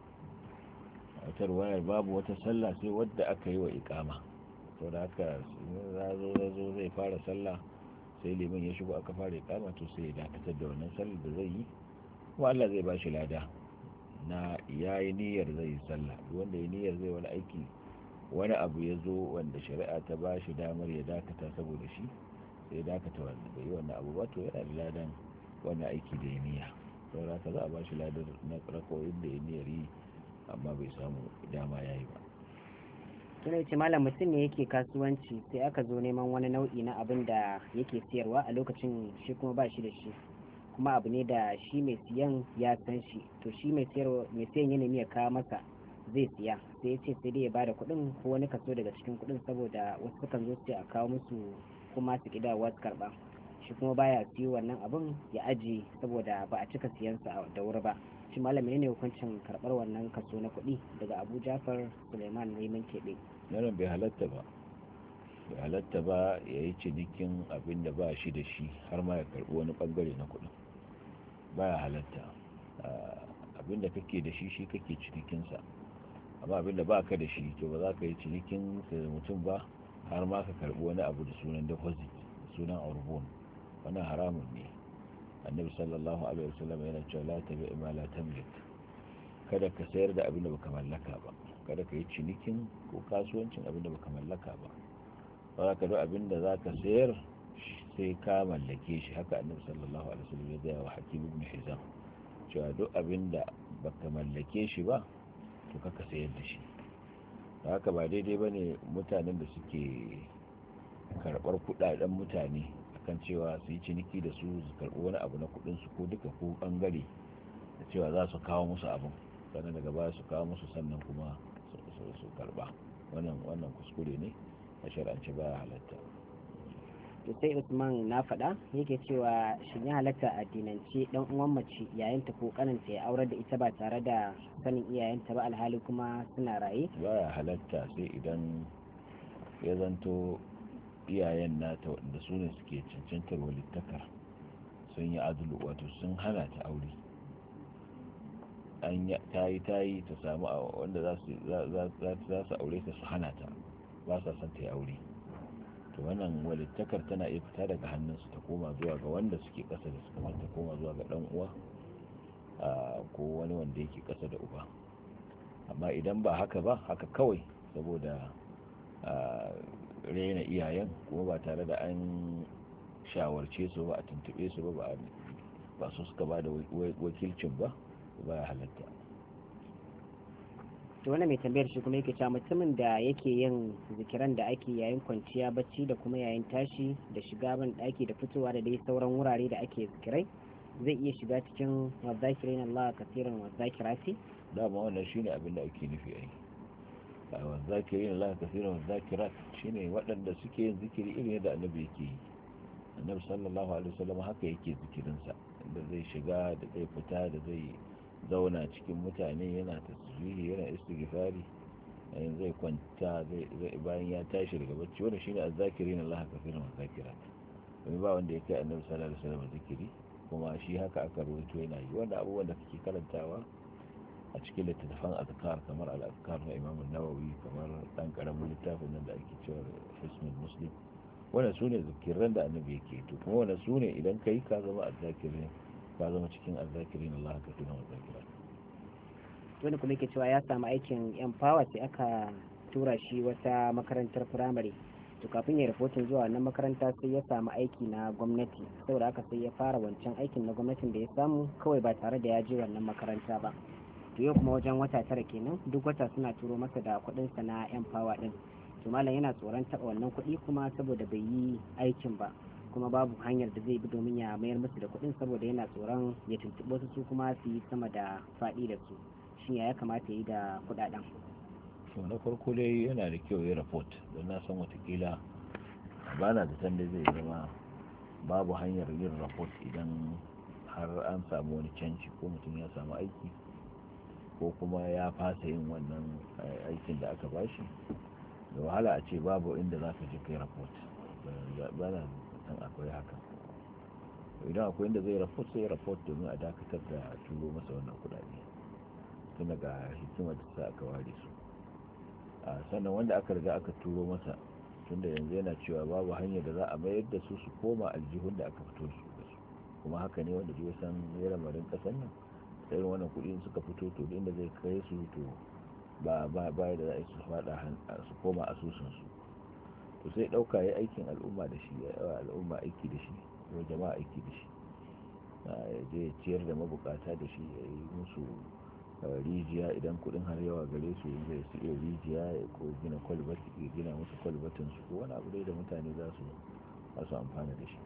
a wata ruwayar babu wata sallah sai wadda aka yi wa ikama to da haka zo zai fara sallah sai liman ya shigo aka fara ikama to sai ya dakatar da wannan sallar da zai yi kuma Allah zai bashi lada na yayi niyyar zai yi sallah wanda ya niyyar zai wani aiki wani abu ya zo wanda shari'a ta ba shi damar ya dakata saboda shi sai ya dakata wanda bai yi wannan abu ba to yana da ladan wannan aiki da ya niyya saboda haka za a ba shi ladan na rakoyin da ya niyyar yi amma bai samu dama yayi ba tuna ce malam mutum ne yake kasuwanci sai aka zo neman wani nau'i na abin da yake siyarwa a lokacin shi kuma ba shi da shi kuma abu ne da shi mai siyan ya san shi to shi mai siyan ya nemi ya kawo masa zai siya sai ya ce sai dai ya bada kuɗin ko wani kaso daga cikin kuɗin saboda wasu sukan zo su a kawo musu kuma su kidawa wasu karɓa shi kuma baya siyo wannan abin ya ajiye saboda ba a cika siyansa da wuri ba shi malam ne hukuncin karbar wannan kaso na kuɗi daga abu jafar suleiman neman keɓe yaron bai halatta ba bai halatta ba ya yi cinikin abin da ba shi da shi har ma ya karɓi wani ɓangare na kuɗin ba ya halatta ah, abin da kake da shi shi kake cinikinsa amma abin da ba ka da shi to ba za ka yi cinikin da mutum ba har ma ka karɓi wani abu da sunan deposit sunan aurbon wannan haramun ne annabi sallallahu alaihi wasallam yana cewa la ma la tamlik kada ka sayar da abin da baka mallaka ba kada ka yi cinikin ko kasuwancin abin da baka mallaka ba wala ka abin da zaka sayar sai ka mallake shi haka annabi sallallahu alaihi wasallam ya zaya wa hakim ibn hizam cewa duk abin da baka mallake shi ba to kaka sayar da shi haka ba daidai bane mutanen da suke karbar kuɗaɗen mutane kan cewa su yi ciniki da su su karɓi wani abu na kuɗinsu ko duka ko ɓangare da cewa za su kawo musu abin sannan daga baya su kawo musu sannan kuma su karɓa wannan kuskure ne a shar'ance baya halatta to usman na faɗa yake cewa shin ya halatta a dinance dan uwan mace yayin ta ko kananta ya aurar da ita ba tare da sanin iyayenta ba alhali kuma suna raye baya halatta sai idan ya zanto iyayen nata waɗanda su ne suke cancantar walittakar sun yi adalu wato sun hana ta aure an ta yi ta yi ta samu a wanda za su aure ta su hana ta ba sa son ta yi aure to wannan walittakar tana iya fita daga hannunsu ta koma zuwa ga wanda suke kasa da su kamar ta koma zuwa ga ɗan uwa ko wani wanda yake kasa da uba amma idan ba haka ba haka kawai saboda raina iyayen kuma ba tare da an shawarce su ba a tuntube su ba ba su suka ba da wakilcin ba ba ya halatta wannan mai tambayar shi kuma yake cewa mutumin da yake yin zikiran da ake yayin kwanciya bacci da kuma yayin tashi da shiga ban daki da fitowa da dai sauran wurare da ake zikirai zai iya shiga cikin wazakirin Allah kasirin wazakirati dama wannan shine abin da ake nufi aiki. والذاكرين الله كثيرا والذاكرات شيني ودن waɗanda suke yin zikiri irin da annabi yake yi annabi sallallahu alaihi wasallam haka yake zikirin sa da zai shiga da zai fita da zai zauna cikin mutane yana tasbihi yana istighfari yayin zai kwanta zai bayan ya tashi daga bacci wannan shine azzakirin Allah kafiran zakirat wani ba wanda ya yake annabi sallallahu alaihi wasallam zikiri kuma shi haka aka rubuto yana yi wannan abubuwan da kake karantawa a cikin littattafan azkar kamar al-azkar na Imam nawawi kamar dan karamin littafin nan da ake cewa Hisnul Muslim sune zikirin da annabi yake to kuma wannan sune idan kai ka zama azzakirin ka zama cikin azzakirin Allah ka tuna azzakirin wani kuma yake cewa ya samu aikin yan empower sai aka tura shi wata makarantar firamare to kafin ya rahoton zuwa wannan makaranta sai ya samu aiki na gwamnati saboda haka sai ya fara wancan aikin na gwamnatin da ya samu kawai ba tare da ya je wannan makaranta ba to yau kuma wajen wata tara kenan duk wata suna turo masa da sa na yan fawa ɗin to malam yana tsoron taɓa wannan kuɗi kuma saboda bai yi aikin ba kuma babu hanyar da zai bi domin ya mayar musu da kuɗin saboda yana tsoron ya tuntuɓo su su kuma su yi sama da faɗi da su shin ya kamata ya yi da kuɗaɗen to na farko dai yana da kyau ya report don na san watakila ba na da da zai zama babu hanyar yin report idan har an samu wani canci ko mutum ya samu aiki ko kuma ya fasa yin wannan eh, aikin da aka bashi da wahala a ce babu inda za ka je kai rapot ba na san akwai haka idan akwai inda zai report sai rapot domin a dakatar da turo masa wannan kudade tun daga hikimar da sa aka ware su ah, sannan wanda aka riga aka turo masa tun da yanzu yana cewa babu hanyar da za a mayar da su su koma aljihun da aka fito su kuma haka ne wanda zai san lamarin kasar nan da irin wannan kudin suka fito to inda zai kai su to ba ba ba da za su fada su koma asusun su to sai dauka yayi aikin al'umma da shi al'umma aiki da shi ko jama'a aiki da shi je ciyar da mabukata da shi ya yi musu eh, rijiya idan kudin har yawa gare su yanzu su iya rijiya ya ko gina kwalbati ya gina musu kwalbatin su ko wani abu dai da mutane za su amfana da shi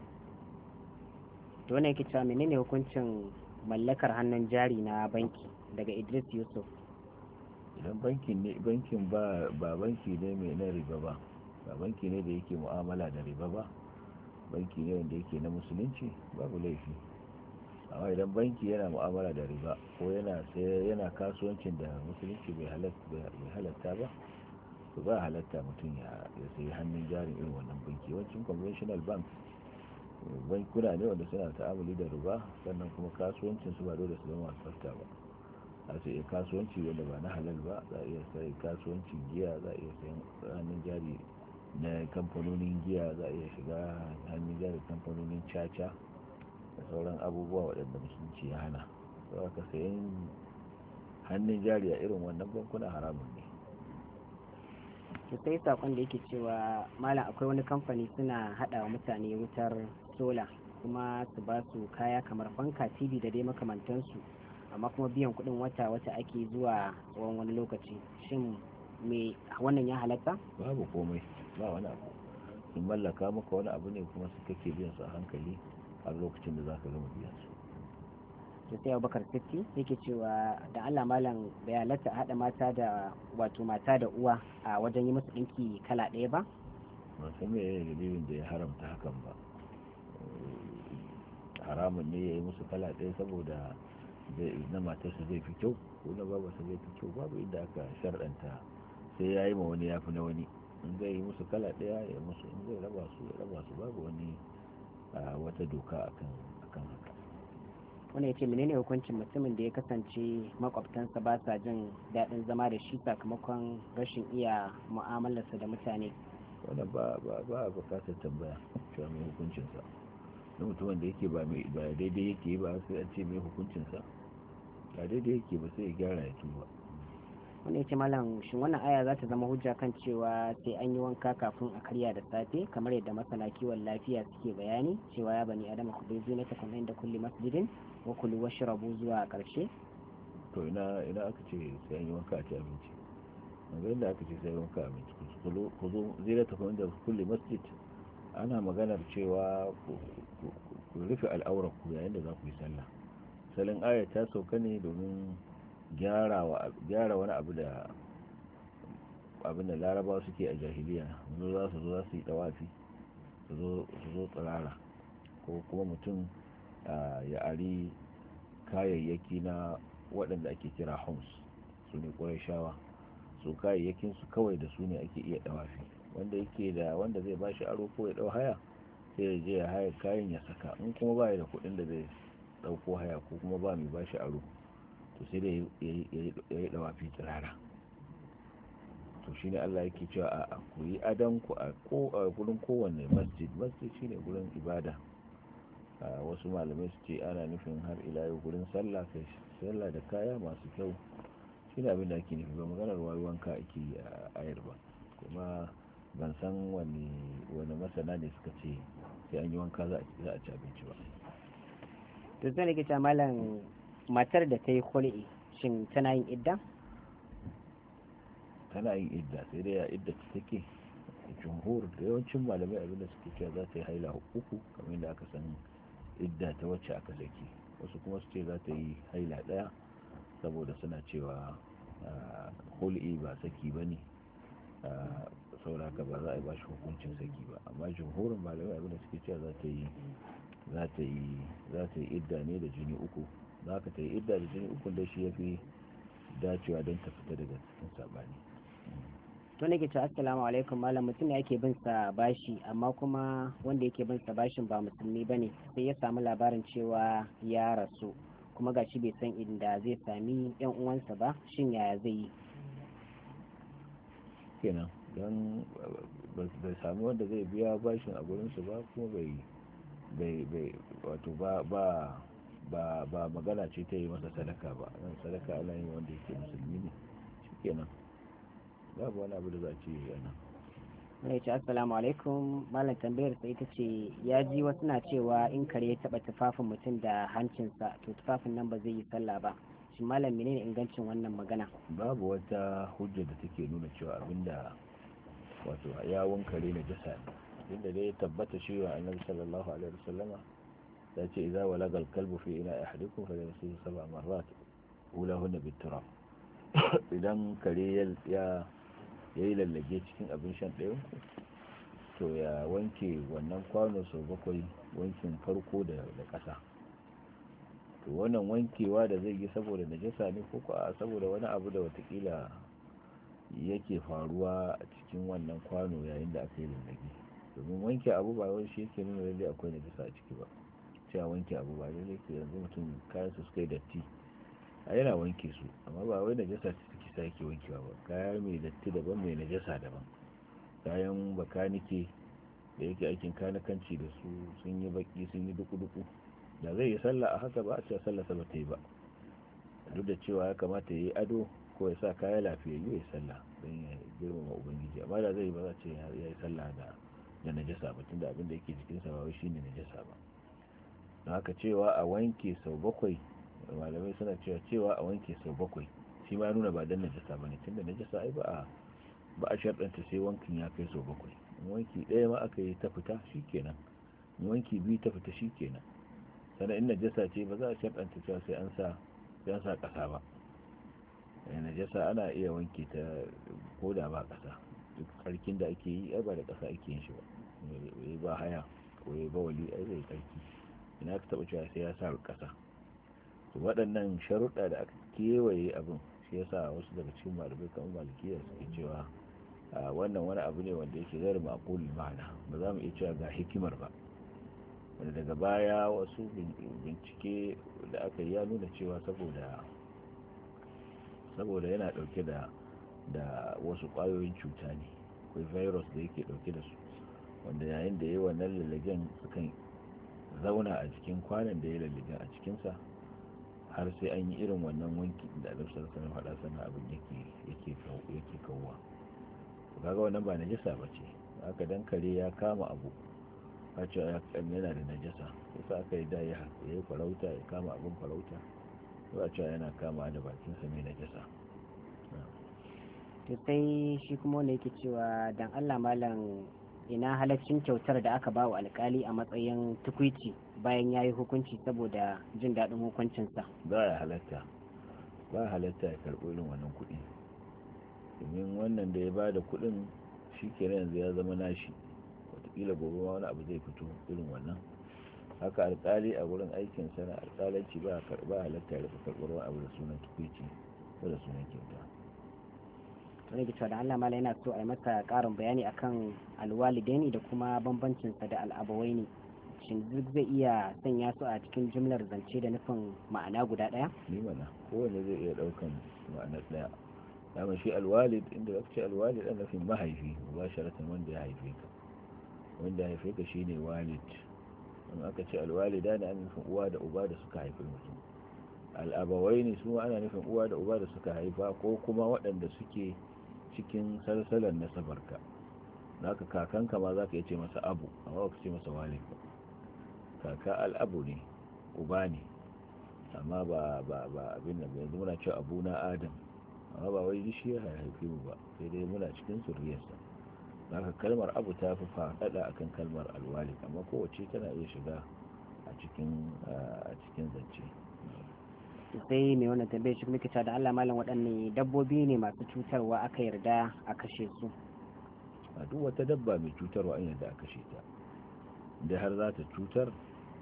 to ne kica menene hukuncin mallakar hannun jari na banki daga idris yusuf idan bankin ne bankin ba ba banki ne mai na riba ba ba banki ne da yake mu'amala da riba ba banki ne wanda yake na musulunci babu laifi amma idan banki yana mu'amala da riba ko yana yana kasuwancin da musulunci bai halatta ba to ba halatta mutum ya sayi hannun jarin irin wannan banki wancin conventional bank bankuna ne wanda suna ta'amuli da ruba sannan kuma kasuwancin su ba dole su zama masu tsafta ba a sai eh, kasuwanci wanda ba na halal ba za a iya sai kasuwancin giya za a iya sayan hannun jari na kamfanonin giya za a iya shiga hannun jari kamfanonin caca da sauran abubuwa waɗanda musulunci ya hana sau ka sayan hannun jari a irin wannan bankuna haramun ne to sai sakon da yake cewa malam akwai wani kamfani suna hada mutane wutar sola kuma su ba su kaya kamar fanka tv da dai makamantansu amma kuma biyan kudin wata wata ake zuwa tsawon wani lokaci shin me wannan ya halatta babu komai ba wani abu sun mallaka maka wani abu ne kuma su kake biyan su a hankali har lokacin da zaka gama biyan su to sai Abubakar Sitti yake cewa da Allah malam bai halatta hada mata da wato mata da uwa a wajen yi musu ɗinki kala ɗaya ba ba san me dalilin da ya haramta hakan ba haramun ne ya yi musu kala ɗaya saboda na matarsa zai fi kyau ko na babarsa zai fi kyau babu inda aka sharɗanta sai ya yi ma wani ya fi na wani in zai yi musu kala ɗaya ya musu in zai raba su ya raba su babu wani wata doka akan akan haka wani ya ce menene hukuncin mutumin da ya kasance makwabtansa ba sa jin daɗin zama da shi sakamakon rashin iya mu'amalarsa da mutane wannan ba ba ba bukatar tambaya cewa mai hukuncinsa na mutumin da yake ba daidai yake ba sai an ce mai hukuncinsa ba daidai yake ba sai ya gyara ya tuba wani ya ce malam shi wannan aya za ta zama hujja kan cewa sai an yi wanka kafin a karya da safe kamar yadda masana kiwon lafiya suke bayani cewa ya bani adama ku bai zuwa ta kuma inda kulli masjidin wa kulli rabu zuwa karshe to ina ina aka ce sai an yi wanka a ci abinci yanzu inda aka ce sai an yi wanka a abinci ku zo zai ta kuma inda kulli masjid ana maganar cewa ku rufe al'aurar ku yayin da za ku yi sallah salin aya ta sauka ne domin gyara wani abu da abin da larabawa suke a jahiliya zo za su zo za su yi dawafi su zo tsirara ko kuma mutum ya ari kayayyaki na waɗanda ake kira homs su ne ƙwarai shawa su kayayyakinsu kawai da su ne ake iya ɗawafi. wanda yake da wanda zai bashi aro ko ya dau haya sai ya je ya haya kayan ya saka in kuma ba ya da kuɗin da zai dauko haya ko kuma ba mai bashi aro to sai da ya yi fi tsirara to shi ne Allah yake cewa a ku yi adanku a gurin kowane masjid masjid shi ne gurin ibada wasu malamai su ce ana nufin har ila yau gurin sallah kai sallah da kaya masu kyau shi ne abin da ake nufi ba maganar wayuwanka ake yi a ayar ba kuma ban san wani wani masana ne suka ce sai an yi wanka za a ci abinci ba to zan rike ta malam matar da ta yi khul'i shin tana yin idda tana yin idda sai dai idda ta take jumhur da yawancin malamai abin da suke cewa za ta yi haila uku kamar da aka san idda ta wacce aka zaki wasu kuma su ce za ta yi haila daya saboda suna cewa hul'i ah, ba saki ba ne ah, saboda haka ba za a yi bashi hukuncin saki ba amma jumhurin malamai abin da suke cewa za ta yi za idda ne da jini uku za ka ta yi idda da jini uku da shi ya fi dacewa don ta fita daga cikin sabani to ke ce assalamu alaikum malam mutum ne yake bin sa bashi amma kuma wanda yake bin sa bashin ba musulmi ba ne sai ya samu labarin cewa ya rasu kuma ga shi bai san inda zai sami yan uwansa ba shin yaya zai yi kenan don bai sami wanda zai biya bashin a gurinsu ba kuma bai wato ba ba magana ce ta yi masa sadaka ba nan sadaka ana yi wanda yake musulmi ne za ba wani abu da za a ce a nan mai ce assalamu alaikum malam tambayar sai ita ce ya ji wasu na cewa in kare ya taba tufafin mutum da hancinsa to tufafin nan ba zai yi sallah ba shi malam menene ingancin wannan magana babu wata hujja da take nuna cewa abinda wato yawon kare na jasa ne inda dai tabbata shi wa annabi sallallahu alaihi wasallama ya ce idza walaga al-kalbu fi ina ahadikum fa yasiru sab'a marrat ulahunna bit-turab idan kare ya yayi lallage cikin abin shan ɗayan ku to ya wanke wannan kwano sau bakwai wankin farko da ƙasa to wannan wankewa da zai yi saboda najasa ne ko kuwa saboda wani abu da watakila yake faruwa a cikin wannan kwano yayin da aka yi lullage domin wanke abu ba wai shi yake nuna lalle akwai najasa a ciki ba cewa wanke abu ba lalle ke yanzu mutum kayan su suka yi datti a yana wanke su amma ba wai najasa ce take kisa yake wankewa ba kaya mai datti daban mai najasa daban kayan bakanike da yake aikin kanikanci da su sun yi baki sun yi duku-duku da zai yi sallah a haka ba a cewa sallah ba ta yi ba duk da cewa ya kamata ya yi ado ko ya sa kaya lafiya ya sallah don ya girmama ubangiji amma da zai ba za ce ya yi sallah da da najasa ba tunda abin da yake jikinsa ba shi ne najasa ba don haka cewa a wanke sau bakwai malamai suna cewa cewa a wanke sau bakwai shi ma nuna ba dan najasa ba ne tunda najasa ai ba a ba a sharɗanta sai wankin ya kai sau bakwai wanki ɗaya ma aka yi ta fita shi kenan wanki biyu ta fita shi kenan sannan in najasa ce ba za a sharɗanta cewa sai an sa ƙasa ba Eh, najasa ana iya wanke ta ko da ba kasa duk da ake yi ai ba da kasa ake yin shi ba ya ba haya ko ya ba wali ai zai karki ina ka taɓa cewa sai ya sa kasa to waɗannan sharuɗa da aka kewaye abin shi ya sa wasu daga cikin malamai kamar malikiya suke cewa wannan wani abu ne wanda yake zai rima akulul ma'ana ba za mu iya cewa ga hikimar ba wanda daga baya wasu bincike da aka yi ya nuna cewa saboda saboda yana dauke da da wasu kwayoyin cuta ne akwai virus da yake dauke da su wanda yayin da yayi wannan lalagen sukan zauna a cikin kwanan da ya lalagen a cikinsa har sai an yi irin wannan wanki da alaihi sanin hada sannan abin yake yake yake kaga wannan ba najasa ce haka dan kare ya kama abu a cewa yana da najasa yasa aka yi da ya farauta ya kama abin farauta ba cewa yana kama da bakin bakinsa mai najasa to sai shi kuma wanda yake cewa dan Allah malam ina halaccin kyautar da aka bawa alkali a matsayin tukwici bayan ya yi hukunci saboda jin daɗin hukuncinsa ba ya halatta ba halatta ya karɓi irin wannan kuɗi domin wannan da ya ba da kuɗin shi kenan yanzu ya zama nashi wataƙila gobe ma wani abu zai fito irin wannan haka alkali a wurin aikin sana alkalanci ba karba halatta da wani abu da sunan tukwici ko da sunan kyauta wani da da Allah mala yana so a yi masa karin bayani akan alwalidaini da kuma bambancinsa da al'abawaini shin duk zai iya sanya su a cikin jimlar zance da nufin ma'ana guda daya ni mana zai iya daukan ma'ana daya dama shi alwalid inda zaka ce alwalid ana nufin mahaifi mubasharatan wanda ya haife ka wanda ya haife ka shine walid in aka ce alwalida da ana nufin uwa da uba da suka haifi mutum al'abawai ne su ana nufin uwa da uba da suka haifa ko kuma waɗanda suke cikin salsalar nasabarka za ka kakanka ma za ka ce masa abu amma ka ce masa wale kaka al'abu ne uba ne amma ba ba ba abin da yanzu muna cewa abu na adam amma ba wai shi ya haifi mu ba sai dai muna cikin suriyarsa. daga kalmar abu ta fi faɗaɗa akan kalmar alwali amma kowace tana iya shiga a cikin zance sai mai wannan tambayar shi muke da Allah malam waɗanne dabbobi ne masu cutarwa aka yarda a kashe su a duk wata dabba mai cutarwa an yarda a kashe ta da har za ta cutar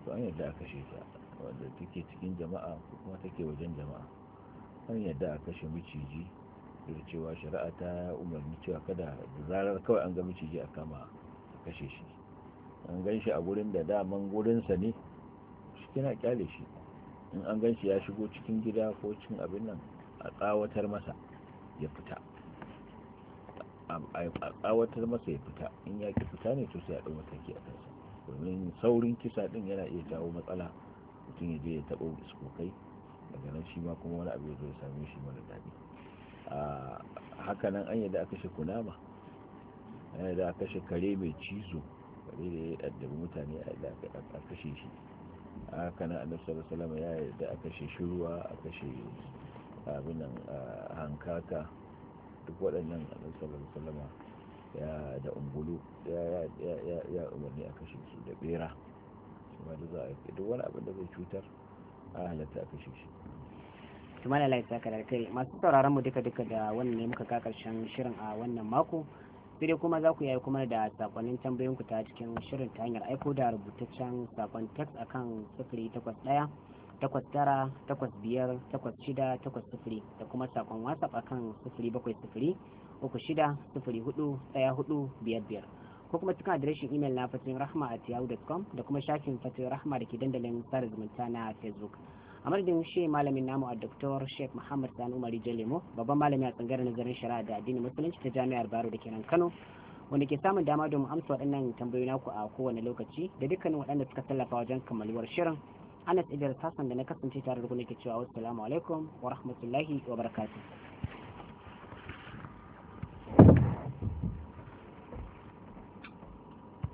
to an yarda a kashe ta wanda take cikin jama'a ko kuma take wajen jama'a an yarda a kashe miciji da cewa shari'a ta umarni cewa kada da zarar kawai an ga miciji a kama a kashe shi an gan shi a gurin da daman gurinsa ne shi kina kyale shi in an gan shi ya shigo cikin gida ko cikin abin nan a tsawatar masa ya fita a tsawatar masa ya fita in ya ki fita ne to sai a ɗau mataki a kansa domin saurin kisa ɗin yana iya kawo matsala mutum ya je ya taɓa kokai daga nan shi ma kuma wani abu ya zo ya same shi mara daɗi haka nan an yadda a kashe kunama an yadda a kashe kare mai cizo kare da ya addabi mutane a yadda a kashe shi haka nan annabi sallallahu salama ya yadda a kashe shirwa a kashe abinan hankaka duk waɗannan annabi sallallahu salama ya da ungulu ya umarni a kashe su da bera kuma da za a yi duk wani abin da zai cutar a halatta a kashe shi tuma Lai laifin saka da kai masu sauraron mu duka duka da wannan ne muka ka karshen shirin a wannan mako sai dai kuma za ku yayi kuma da sakonnin tambayoyin ku ta cikin shirin ta hanyar aiko da rubutaccen sakon text akan sifiri takwas ɗaya takwas tara takwas biyar takwas shida takwas sifiri da kuma sakon whatsapp akan sifiri bakwai sifiri uku shida sifiri hudu ɗaya hudu biyar biyar ko kuma cikin adireshin imel na fatin rahma at yahoo.com da kuma shafin fatin rahma da ke dandalin sada zumunta na facebook a madadin shi malamin namu a doktor sheikh muhammad sani umar jalemo babban malami a tsangaren nazarin shari'a da addini musulunci ta jami'ar baro da kenan kano wanda ke samun dama domin amsa waɗannan tambayoyi naku a kowane lokaci da dukkanin waɗanda suka tallafa wajen kammaluwar shirin anas idris hassan da na kasance tare da ku cewa wasu alaikum wa rahmatullahi wa barakatuh